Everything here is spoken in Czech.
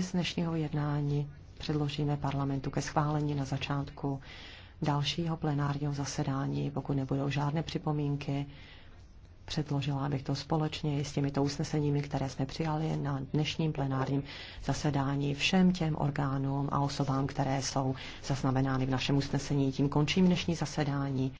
z dnešního jednání předložíme parlamentu ke schválení na začátku dalšího plenárního zasedání, pokud nebudou žádné připomínky. Předložila bych to společně s těmito usneseními, které jsme přijali na dnešním plenárním zasedání všem těm orgánům a osobám, které jsou zaznamenány v našem usnesení. Tím končím dnešní zasedání.